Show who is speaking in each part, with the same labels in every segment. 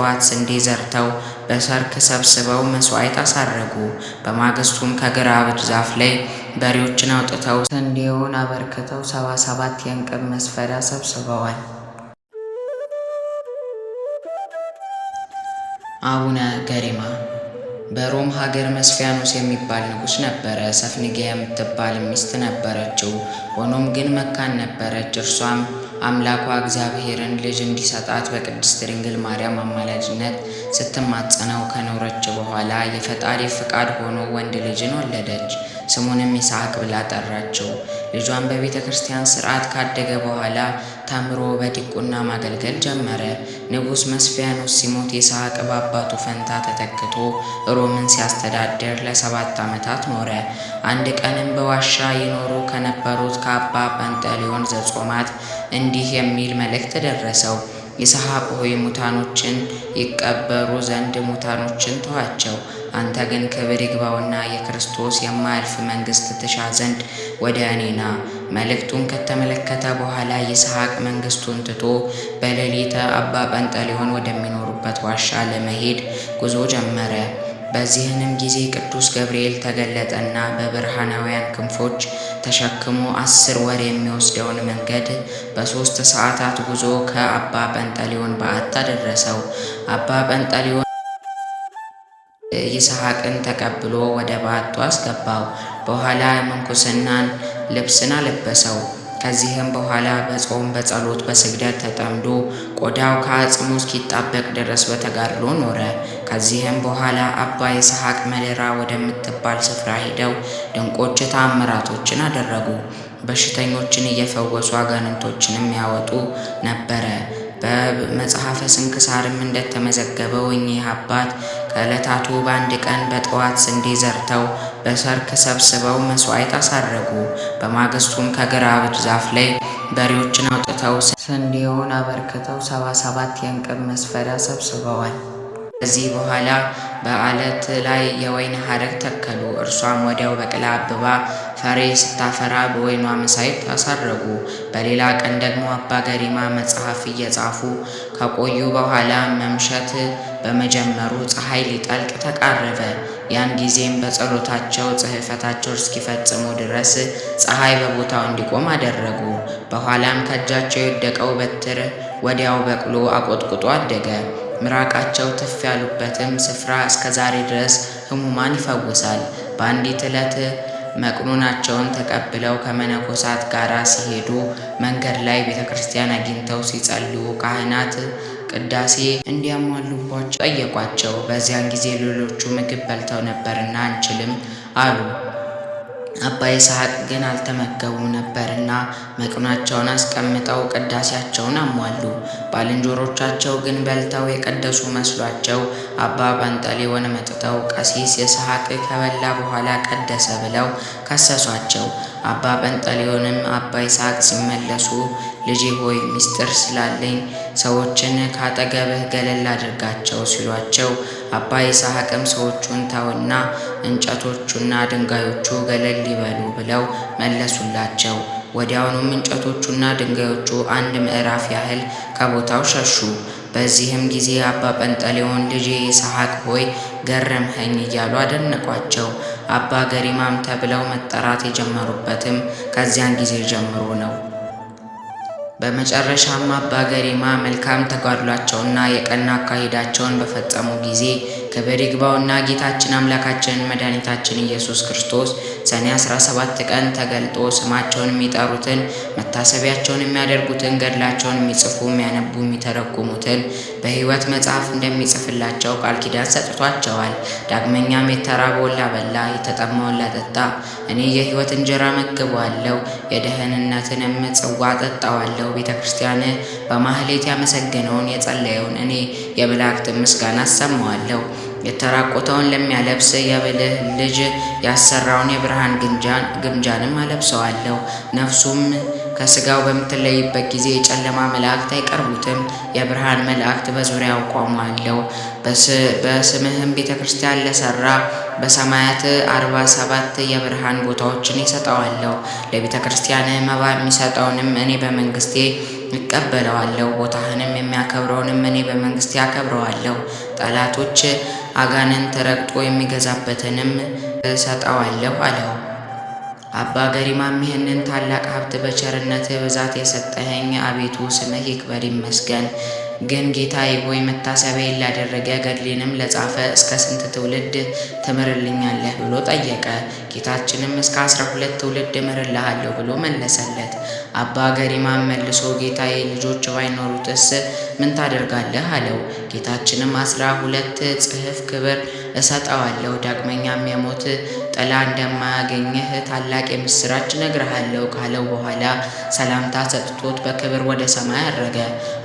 Speaker 1: ጠዋት ስንዴ ዘርተው በሰርክ ሰብስበው መስዋዕት አሳረጉ። በማግስቱም ከግራብድ ዛፍ ላይ በሬዎችን አውጥተው ስንዴውን አበርክተው ሰባ ሰባት የእንቅብ መስፈሪያ ሰብስበዋል። አቡነ ገሪማ በሮም ሀገር መስፊያኖስ የሚባል ንጉስ ነበረ። ሰፍንጌ የምትባል ሚስት ነበረችው። ሆኖም ግን መካን ነበረች። እርሷም አምላኳ እግዚአብሔርን ልጅ እንዲሰጣት በቅድስት ድንግል ማርያም አማላጅነት ስትማጸነው ከኖረች በኋላ የፈጣሪ ፍቃድ ሆኖ ወንድ ልጅን ወለደች። ስሙንም ይስሐቅ ብላ ጠራችው። ልጇን በቤተ ክርስቲያን ስርዓት ካደገ በኋላ ታምሮ በዲቁና ማገልገል ጀመረ። ንጉሥ መስፊያኖስ ሲሞት ይስሐቅ በአባቱ ፈንታ ተተክቶ ሮምን ሲያስተዳድር ለሰባት ዓመታት ኖረ። አንድ ቀንም በዋሻ ይኖሩ ከነበሩት ከአባ ጰንጠሊዮን ዘጾማት እንዲህ የሚል መልእክት ደረሰው። ይስሐቅ ሆይ ሙታኖችን ይቀበሩ ዘንድ ሙታኖችን ተዋቸው። አንተ ግን ክብር ይግባውና የክርስቶስ የማያልፍ መንግሥት ትሻ ዘንድ ወደ እኔና መልእክቱን ከተመለከተ በኋላ ይስሐቅ መንግሥቱን ትቶ በሌሊተ አባ ጰንጠሌዎን ወደሚኖሩበት ዋሻ ለመሄድ ጉዞ ጀመረ። በዚህንም ጊዜ ቅዱስ ገብርኤል ተገለጠና በብርሃናውያን ክንፎች ተሸክሞ አስር ወር የሚወስደውን መንገድ በሦስት ሰዓታት ጉዞ ከአባ ጰንጠሊዮን በዓታ ደረሰው። አባ ጰንጠሊዮን ይስሐቅን ተቀብሎ ወደ በዓቱ አስገባው። በኋላ ምንኩስናን ልብስን አለበሰው። ከዚህም በኋላ በጾም በጸሎት በስግደት ተጠምዶ ቆዳው ከአጽሙ እስኪጣበቅ ድረስ በተጋድሎ ኖረ። ከዚህም በኋላ አባ ይስሐቅ መሌራ ወደምትባል ስፍራ ሂደው ድንቆች ተአምራቶችን አደረጉ። በሽተኞችን እየፈወሱ አጋንንቶችንም ያወጡ ነበረ። በመጽሐፈ ስንክሳርም እንደተመዘገበው እኚህ አባት ከዕለታቱ በአንድ ቀን በጠዋት ስንዴ ዘርተው በሰርክ ሰብስበው መስዋዕት አሳረጉ። በማግስቱም ከግራብድ ዛፍ ላይ በሬዎችን አውጥተው ስንዴውን አበርክተው ሰባ ሰባት የእንቅብ መስፈሪያ ሰብስበዋል። ከዚህ በኋላ በአለት ላይ የወይን ሐረግ ተከሉ። እርሷም ወዲያው በቅላ አብባ ፈሬ ስታፈራ በወይኗ መሳይት አሳረጉ። በሌላ ቀን ደግሞ አባ ገሪማ መጽሐፍ እየጻፉ ከቆዩ በኋላ መምሸት በመጀመሩ ፀሐይ ሊጠልቅ ተቃረበ። ያን ጊዜም በጸሎታቸው ጽሕፈታቸው እስኪፈጽሙ ድረስ ፀሐይ በቦታው እንዲቆም አደረጉ። በኋላም ከእጃቸው የወደቀው በትር ወዲያው በቅሎ አቆጥቁጦ አደገ። ምራቃቸው ትፍ ያሉበትም ስፍራ እስከ ዛሬ ድረስ ሕሙማን ይፈውሳል። በአንዲት ዕለት መቅኑናቸውን ተቀብለው ከመነኮሳት ጋር ሲሄዱ መንገድ ላይ ቤተ ክርስቲያን አግኝተው ሲጸልዩ ካህናት ቅዳሴ እንዲያሟሉባቸው ጠየቋቸው። በዚያን ጊዜ ሌሎቹ ምግብ በልተው ነበርና አንችልም አሉ። አባ ይስሐቅ ግን አልተመገቡ ነበርና መቅናቸውን አስቀምጠው ቅዳሴያቸውን አሟሉ። ባልንጀሮቻቸው ግን በልተው የቀደሱ መስሏቸው አባ ጳንጠሌዎን መጥተው ቀሲስ ይስሐቅ ከበላ በኋላ ቀደሰ ብለው ከሰሷቸው። አባ ጰንጠሌዎንም አባ ይስሐቅ ሲመለሱ ልጄ ሆይ ምስጢር ስላለኝ ሰዎችን ካጠገብህ ገለል አድርጋቸው ሲሏቸው አባ ይስሐቅም ሰዎቹን ተውና እንጨቶቹና ድንጋዮቹ ገለል ሊበሉ ብለው መለሱላቸው። ወዲያውኑም እንጨቶቹና ድንጋዮቹ አንድ ምዕራፍ ያህል ከቦታው ሸሹ። በዚህም ጊዜ አባ ጰንጠሌዎን ልጄ ይስሐቅ ሆይ ገረምኸኝ እያሉ አደነቋቸው። አባ ገሪማም ተብለው መጠራት የጀመሩበትም ከዚያን ጊዜ ጀምሮ ነው። በመጨረሻም አባ ገሪማ መልካም ተጓድሏቸውና የቀና አካሄዳቸውን በፈጸሙ ጊዜ ክብር ይግባውና ጌታችን አምላካችን መድኃኒታችን ኢየሱስ ክርስቶስ ሰኔ 17 ቀን ተገልጦ ስማቸውን የሚጠሩትን መታሰቢያቸውን የሚያደርጉትን ገድላቸውን የሚጽፉ የሚያነቡ የሚተረጉሙትን በሕይወት መጽሐፍ እንደሚጽፍላቸው ቃል ኪዳን ሰጥቷቸዋል። ዳግመኛም የተራበውን ላበላ፣ የተጠማውን ላጠጣ እኔ የሕይወት እንጀራ መግበዋለሁ፣ የደህንነትንም ጽዋ ጠጣዋለሁ። ቤተ ክርስቲያን በማህሌት ያመሰገነውን የጸለየውን እኔ የመላእክትን ምስጋና አሰማዋለሁ። የተራቆተውን ለሚያለብስ የብልህ ልጅ ያሰራውን የብርሃን ግምጃንም አለብሰዋለሁ። ነፍሱም ከስጋው በምትለይበት ጊዜ የጨለማ መላእክት አይቀርቡትም፣ የብርሃን መላእክት በዙሪያው ቆሟለሁ። በስምህም ቤተ ክርስቲያን ለሰራ በሰማያት አርባ ሰባት የብርሃን ቦታዎችን ይሰጠዋለሁ። ለቤተ ክርስቲያን መባ የሚሰጠውንም እኔ በመንግስቴ እቀበለዋለሁ። ቦታህንም የሚያከብረውንም እኔ በመንግስት ያከብረዋለሁ። ጠላቶች አጋንን ተረቅጦ የሚገዛበትንም እሰጠዋለሁ አለው። አባ ገሪማም ይህንን ታላቅ ሀብት በቸርነት ብዛት የሰጠኸኝ አቤቱ ስምህ ይክበር ይመስገን። ግን ጌታዬ ሆይ መታሰቢያዬን ላደረገ ገድሌንም ለጻፈ እስከ ስንት ትውልድ ትምርልኛለህ ብሎ ጠየቀ። ጌታችንም እስከ አስራ ሁለት ትውልድ እምርልሃለሁ ብሎ መለሰለት። አባ ገሪማም መልሶ ጌታዬ ልጆች ባይኖሩትስ ምን ታደርጋለህ አለው። ጌታችንም አስራ ሁለት ጽሕፍ ክብር እሰጠዋለሁ። ዳግመኛም የሞት ጥላ እንደማያገኝህ ታላቅ የምስራች ነግረሃለሁ ካለው በኋላ ሰላምታ ሰጥቶት በክብር ወደ ሰማይ አረገ።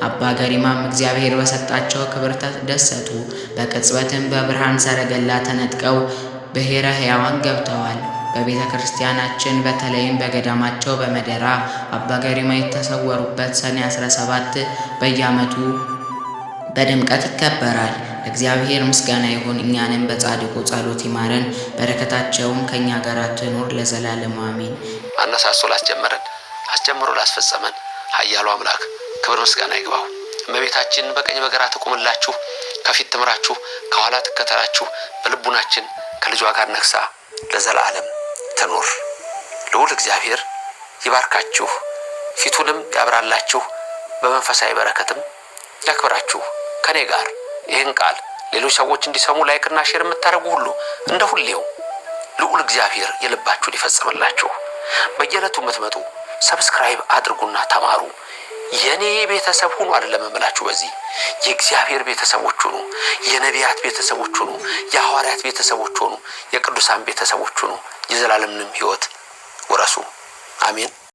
Speaker 1: አባ ገሪማም እግዚአብሔር በሰጣቸው ክብር ተደሰቱ። በቅጽበትም በብርሃን ሰረገላ ተነጥቀው ብሔረ ሕያዋን ገብተዋል። በቤተ ክርስቲያናችን በተለይም በገዳማቸው በመደራ አባ ገሪማ የተሰወሩበት ሰኔ 17 በየዓመቱ በድምቀት ይከበራል። ለእግዚአብሔር ምስጋና ይሁን። እኛንም በጻድቁ ጸሎት ይማረን፣ በረከታቸውም ከእኛ ጋር ትኑር ለዘላለሙ አሜን።
Speaker 2: አነሳሶ ላስጀመረን አስጀምሮ ላስፈጸመን ኃያሉ አምላክ ክብር ምስጋና ይግባው። እመቤታችን በቀኝ በግራ ትቁምላችሁ፣ ከፊት ትምራችሁ፣ ከኋላ ትከተላችሁ። በልቡናችን ከልጇ ጋር ነግሳ ለዘላለም ትኑር። ልዑል እግዚአብሔር ይባርካችሁ፣ ፊቱንም ያብራላችሁ፣ በመንፈሳዊ በረከትም ያክብራችሁ ከኔ ጋር ይህን ቃል ሌሎች ሰዎች እንዲሰሙ ላይክና ሼር የምታደርጉ ሁሉ እንደ ሁሌው ልዑል እግዚአብሔር የልባችሁን ይፈጽምላችሁ። በየዕለቱ የምትመጡ ሰብስክራይብ አድርጉና ተማሩ። የኔ ቤተሰብ ሁኑ አይደለም እምላችሁ፣ በዚህ የእግዚአብሔር ቤተሰቦች ሁኑ፣ የነቢያት ቤተሰቦች ሁኑ፣ የሐዋርያት ቤተሰቦች ሁኑ፣ የቅዱሳን ቤተሰቦች ሁኑ፣ የዘላለምንም ሕይወት ውረሱ። አሜን።